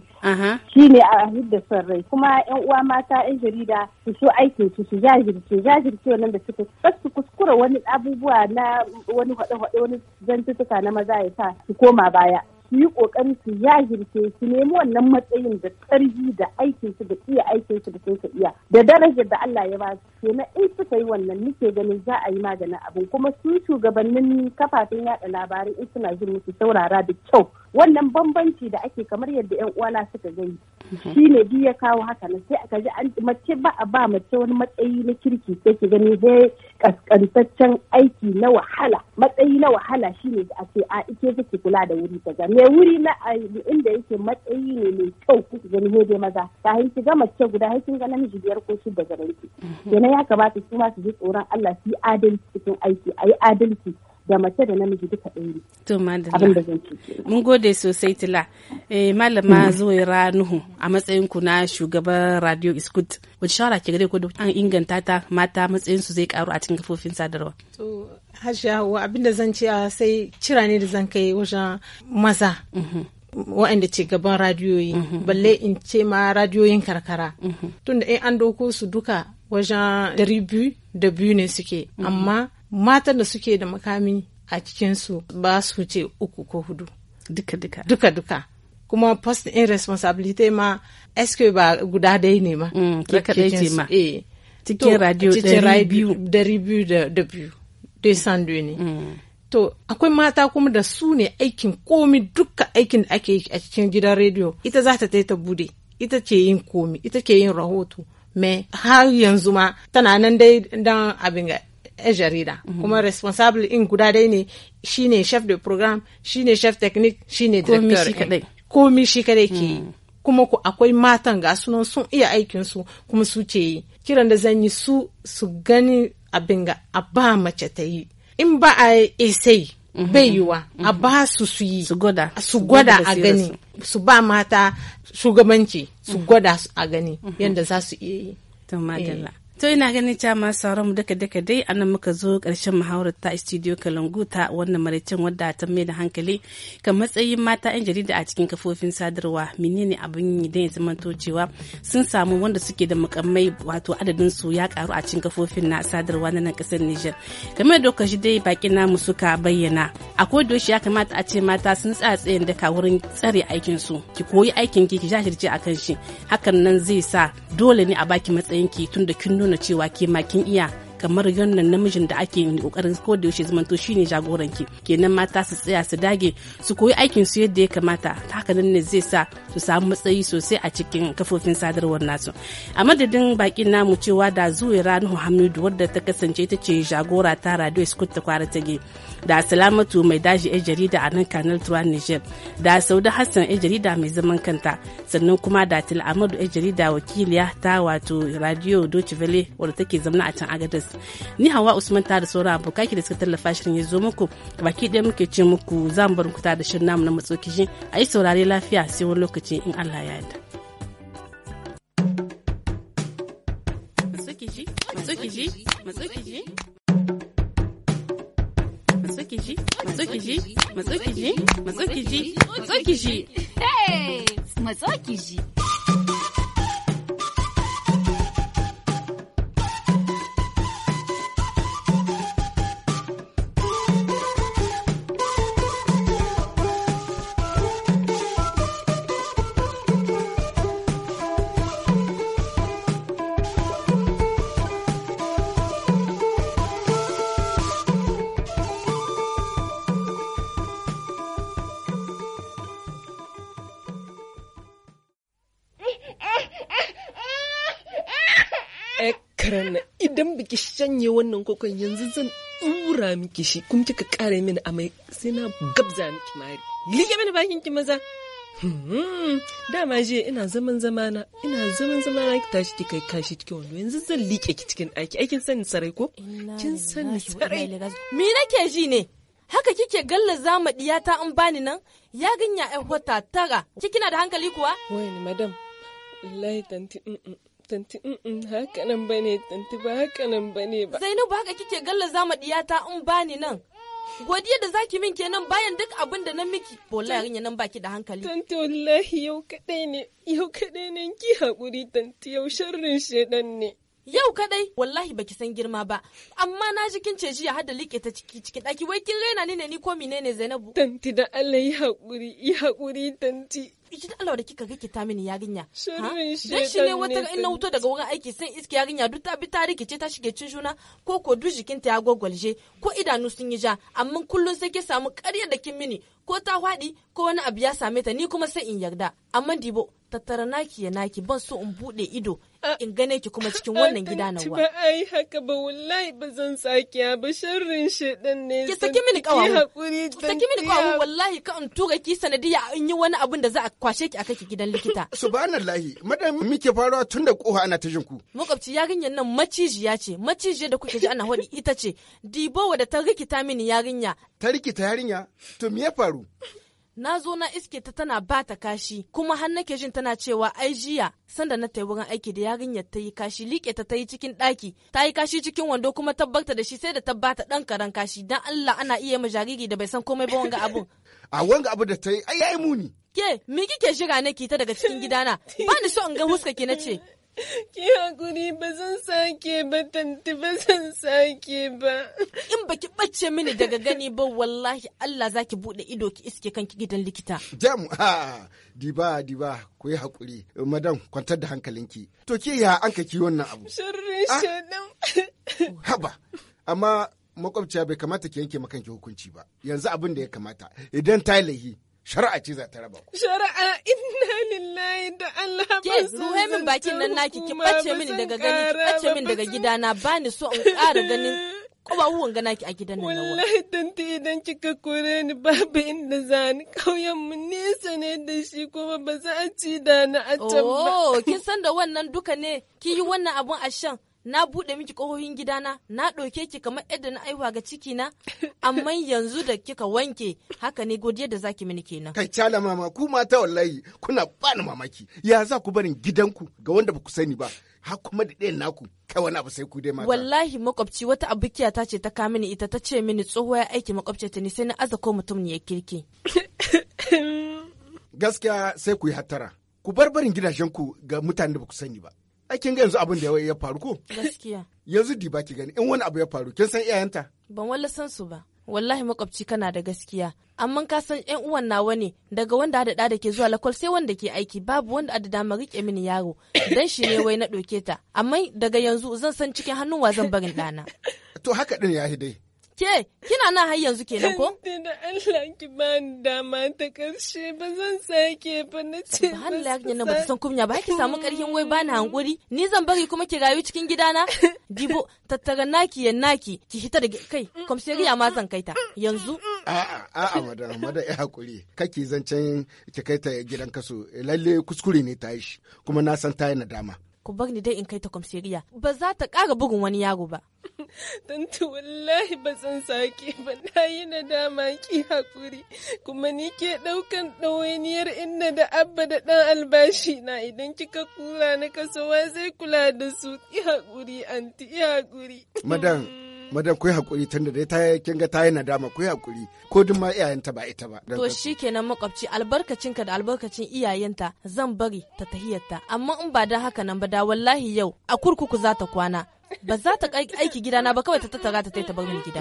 Shi ne a hidda son rai kuma ƴan uwa mata ƴan jarida su so aikin su su jajirce jajirce wannan da suka bas su kuskura wani abubuwa na wani hwaɗe-hwaɗe wani zantuttuka na maza ya sa su koma baya. su yi kokari su yahirce su nemi wannan matsayin da tsargi da aikin su da iya aikin su da sun ka iya da darajar da Allah ya ba su kenan in suka yi wannan nike ganin za a yi maganin abin kuma su shugabannin kafafen yada labarai in suna jin musu saurara da kyau wannan bambanci da ake kamar yadda yan uwana suka gani mhm. shi ne bi ya kawo haka na sai aka ji an mace ba a ba mace wani matsayi na kirki sai ki gani sai kaskantaccen aiki na wahala matsayi na wahala shi ne a ce a ike kula da wuri ta me wuri na inda yake matsayi ne mai kyau kuka gani ne dai maza ta hanki ga mace guda hakin kin ga namiji biyar ko shi da ki mhm. kenan ya kamata su ma su ji tsoron Allah su yi adalci cikin aiki a yi adalci da mace da namiji duka ɗaya To madalla. Mun gode sosai tila. Eh malama mm. Zuwaira Ranuhu a matsayin ku na shugaban Radio Iskut. Wace shawara ke gare ku da an inganta ta mata matsayin su zai karu a cikin kafofin sadarwa? To Hajiya abin da zan ce sai cira ne da zan kai wajen maza. Mhm. waɗanda ce gaban radiyoyi mhm. balle in ce ma radiyoyin karkara mhm. tunda in an doko su duka wajen dari biyu da biyu ne suke amma matan da suke da makami a cikinsu ba su ce uku ko hudu duka-duka kuma post in responsibility ma eske ba guda dai ne ma mm, cikin eh. radio dari biyu da biyu dai sandu ne mm. to akwai mata kuma da su ne aikin komi duka aikin da ake a cikin gidan radio. ita za ta ta bude ita ce yin komi ita ke yin rahoto Me har yanzu ma tana nan dai dan abin 'yan jarida kuma responsable in guda dai ne shi ne chef de program ne chef technique ne director komi shi kadai ke yi hmm. kuma ku akwai matan ga sunan sun iya aikin su kuma su ce yi kiran da zan yi su su gani abin ga a ba mace ta yi in ba a esai hmm. bai yiwa a hmm. ba su su yi su gwada a gani su ba mata shugabanci su gwada a gani yadda za su iya yi to ina ganin cewa ma sauran mu duka duka dai anan muka zo karshen muhawarar ta studio kalangu ta wannan maraicin wadda ta mai da hankali kan matsayin mata yan jarida a cikin kafofin sadarwa menene abin yi dan ya zamanto cewa sun samu wanda suke da mukammai wato adadin su ya karu a cikin kafofin na sadarwa na nan kasar Niger kamar da kashi dai bakin namu suka bayyana a kodo ya kamata a ce mata sun tsaya tsayin ka wurin tsare aikin su ki koyi aikin ki ki jajirce akan shi hakan nan zai sa dole ne a baki matsayin ki tunda kin nuna nuna cewa ke ma kin iya kamar yannan namijin da ake kokarin ko da yaushe zamanto shine jagoranki kenan mata su tsaya su dage su koyi aikin su yadda ya kamata haka nan ne zai sa su samu matsayi sosai a cikin kafofin sadarwar nasu a madadin bakin namu cewa da zuwa nuhu hamidu wadda ta kasance ita ce jagora ta radio scott ta kwara tage da salamatu mai daji a jarida a nan kanal tuwa niger da saudi hassan a jarida mai zaman kanta sannan kuma da til amadu a jarida wakiliya ta wato radio doce valley wadda take zama a can agadas ni hawa usman ta da sauran abokai da suka tallafa shirin ya zo muku baki ɗaya muke ce muku za mu bar ku ta da shirin namu na matsokishi a yi saurare lafiya sai wani lokaci in allah ya yarda. matsokiji, matsokiji, matsokiji, matsokiji, matsokiji, matsokiji, matsokiji, matsokiji, biki shanye wannan kokon yanzu zan dura miki shi kuma kika kare mini amai sai na gabza miki mari liƙe mini bakin ki maza hmm, dama je ina zaman zamana ina zaman zamana ki tashi ki kai kashi cikin wando yanzu zan liƙe ki cikin aiki aikin sani sarai ko kin sani sarai me nake ji ne haka kike galla zama diyata an bani nan ya ganya ai wata tara na da hankali kuwa wai madam wallahi tanti mm, mm. tanti in haka nan ba ne tanti ba haka nan ba ne ba. Zainabu haka kike galla zama diyata in bani nan. Godiya da zaki min kenan bayan duk abin da na miki. Bola yarinya nan baki da hankali. Tanti wallahi yau kadai ne yau kadai ne ki haƙuri tanti yau sharrin shaidan ne. yau kadai wallahi baki san girma ba amma na ji kin ce jiya har da liƙe ta ciki cikin ɗaki wai kin rena ni ne ni ko menene Zainabu tanti da Allah yi hakuri yi hakuri tanti iki da Allah da kika ga kita mini yarinya dan shi ne wata in na wuto daga wurin aiki sai iske yarinya duk ta bi ta rikice ta shige cin juna ko ko duk jikinta ya gwagwalje ko idanu sun yi ja amma kullun sai ke samu ƙarya da kin mini ko ta fadi ko wani abu ya same ta ni kuma sai in yarda amma dibo tattara naki ya naki ban so in bude ido ah, in gane ki kuma cikin wannan gida na wa. Ba ai haka ba wallahi ba zan ya ba sharrin shedan ne. Ki saki mini kawawu. Ki saki mini kawawu wallahi ka in tura ki sanadiya in yi wani abin da za a kwashe ki a kai ki gidan likita. Subhanallahi madan muke farawa tun da koha ana ta jin ku. Makwabci yarinyar nan macijiya ce macijiya da kuke ji ana hodi ita ce dibowa da ta rikita mini yarinya. Ta rikita yarinya to me ya faru? na zo na iske ta tana ba ta kashi kuma har nake jin tana cewa ai jiya sanda na tai wurin aiki da yarinyar ta yi kashi liƙe ta yi cikin ɗaki ta yi kashi cikin wando kuma tabbata da shi sai da tabbata ɗan karan kashi dan Allah ana iya ma jariri da bai san komai ba wanga abun. a wanga abu da ta yi ai yayi muni. ke me kike shiga ne ki ta daga cikin gidana ba ni so in ga huska ki na ce Ki hakuri ba zan sake ba tanti ba zan sake ba. In baki ɓace mini daga gani ba wallahi Allah za ki buɗe ido ki iske kanki gidan likita. Jam ha diba diba ku yi hakuri madam kwantar da hankalinki. To ke ya an ka wannan abu. Shirri ah. shaɗan. Haba amma makwabciya bai kamata ki yanke makanki hukunci ba yanzu abin da ya kamata idan ta yi laihi shari'a ce za ta raba ku. Shari'a inna lillahi da Allah ba su ruhe min bakin nan naki ki bace mini daga gani ki bace min daga gidana ba ni so in ƙara ganin kwabahuwan gana ki a gidan nan Wallahi tanti idan kika kore ni babu inda za ni ƙauyen mu nesa ne da shi kuma ba za a ci da ni a can ba. Oh kin san da wannan duka ne ki yi wannan abun a shan. na buɗe miki ƙohohin gidana na ɗauke ki kamar yadda na aiwa ga ciki na amma yanzu da kika wanke haka ne godiya da zaki mini kenan kai cala mama ku mata wallahi kuna bani mamaki ya za ku barin gidanku ga wanda ba ku sani ba ha kuma da ɗayan naku kai wani abu sai ku dai mata wallahi makwabci wata abukiya ta ce ta ka mini ita ta ce mini tsohuwa ya aiki makwabci ta ne sai na aza ko mutum ne ya kirki gaskiya sai ku yi hatara ku bar barin gidajenku ga mutanen da ba ku sani ba ai kin ga yanzu abin da ya faru ko gaskiya yanzu di ba ki gani in wani abu ya faru kin san iyayenta ban walla san su ba wallahi makwabci kana da gaskiya amma ka san yan uwan nawa ne daga wanda da da ke zuwa lakwal sai wanda ke aiki babu wanda da dama rike mini yaro dan shi ne wai na doke ta amma daga yanzu zan san cikin hannun wa zan barin dana to haka din ya dai Ke, kina nan har yanzu kenan ko? Da Allah ki ba ni dama ta karshe ba zan sake ba na ce ba. Allah ya ba san kunya ba ki samu karhin wai ba na hankuri. Ni zan bari kuma ki rayu cikin gidana. Dibo tattara naki yan naki ki hita da kai komsariya ma zan kai ta yanzu. A'a a'a mada ya hakuri zan can ki kai ta gidan kasu lalle kuskure ne ta yi shi kuma na san ta yi nadama. ku bar ni dai in kai ta kwamsiriya ba za ta ƙara bugun wani yaro ba. Tantu wallahi ba san sake ba na yi nadama ki hakuri kuma ni ke ɗaukan ɗawainiyar inna da abba da ɗan albashi na idan kika kura na kasawa zai kula da su ki haƙuri anti ki haƙuri. Madam, madar ku hakuri tun da ta kin ga ta yi nadama ku hakuri ko duk ma iyayenta ba ita ba to shikenan makwabci albarkacinka da albarkacin iyayenta zan bari ta tahiyarta amma in ba dan haka nan ba da wallahi yau a kurkuku za ta kwana ba za ta aiki gidana ba kawai ta tattara ta ta bar min gida.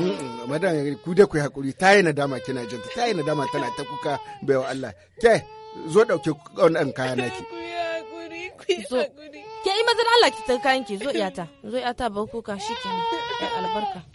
Madan ku da ku hakuri ta yi nadama kina jinta ta yi nadama tana ta kuka baiwa Allah. Ke zo dauke wannan kaya naki. Ku yi hakuri ku yi hakuri. Ke yi mazan Allah ki ta kayan ki zo iyata. Zo iyata ba kuka shi kenan. Albarka.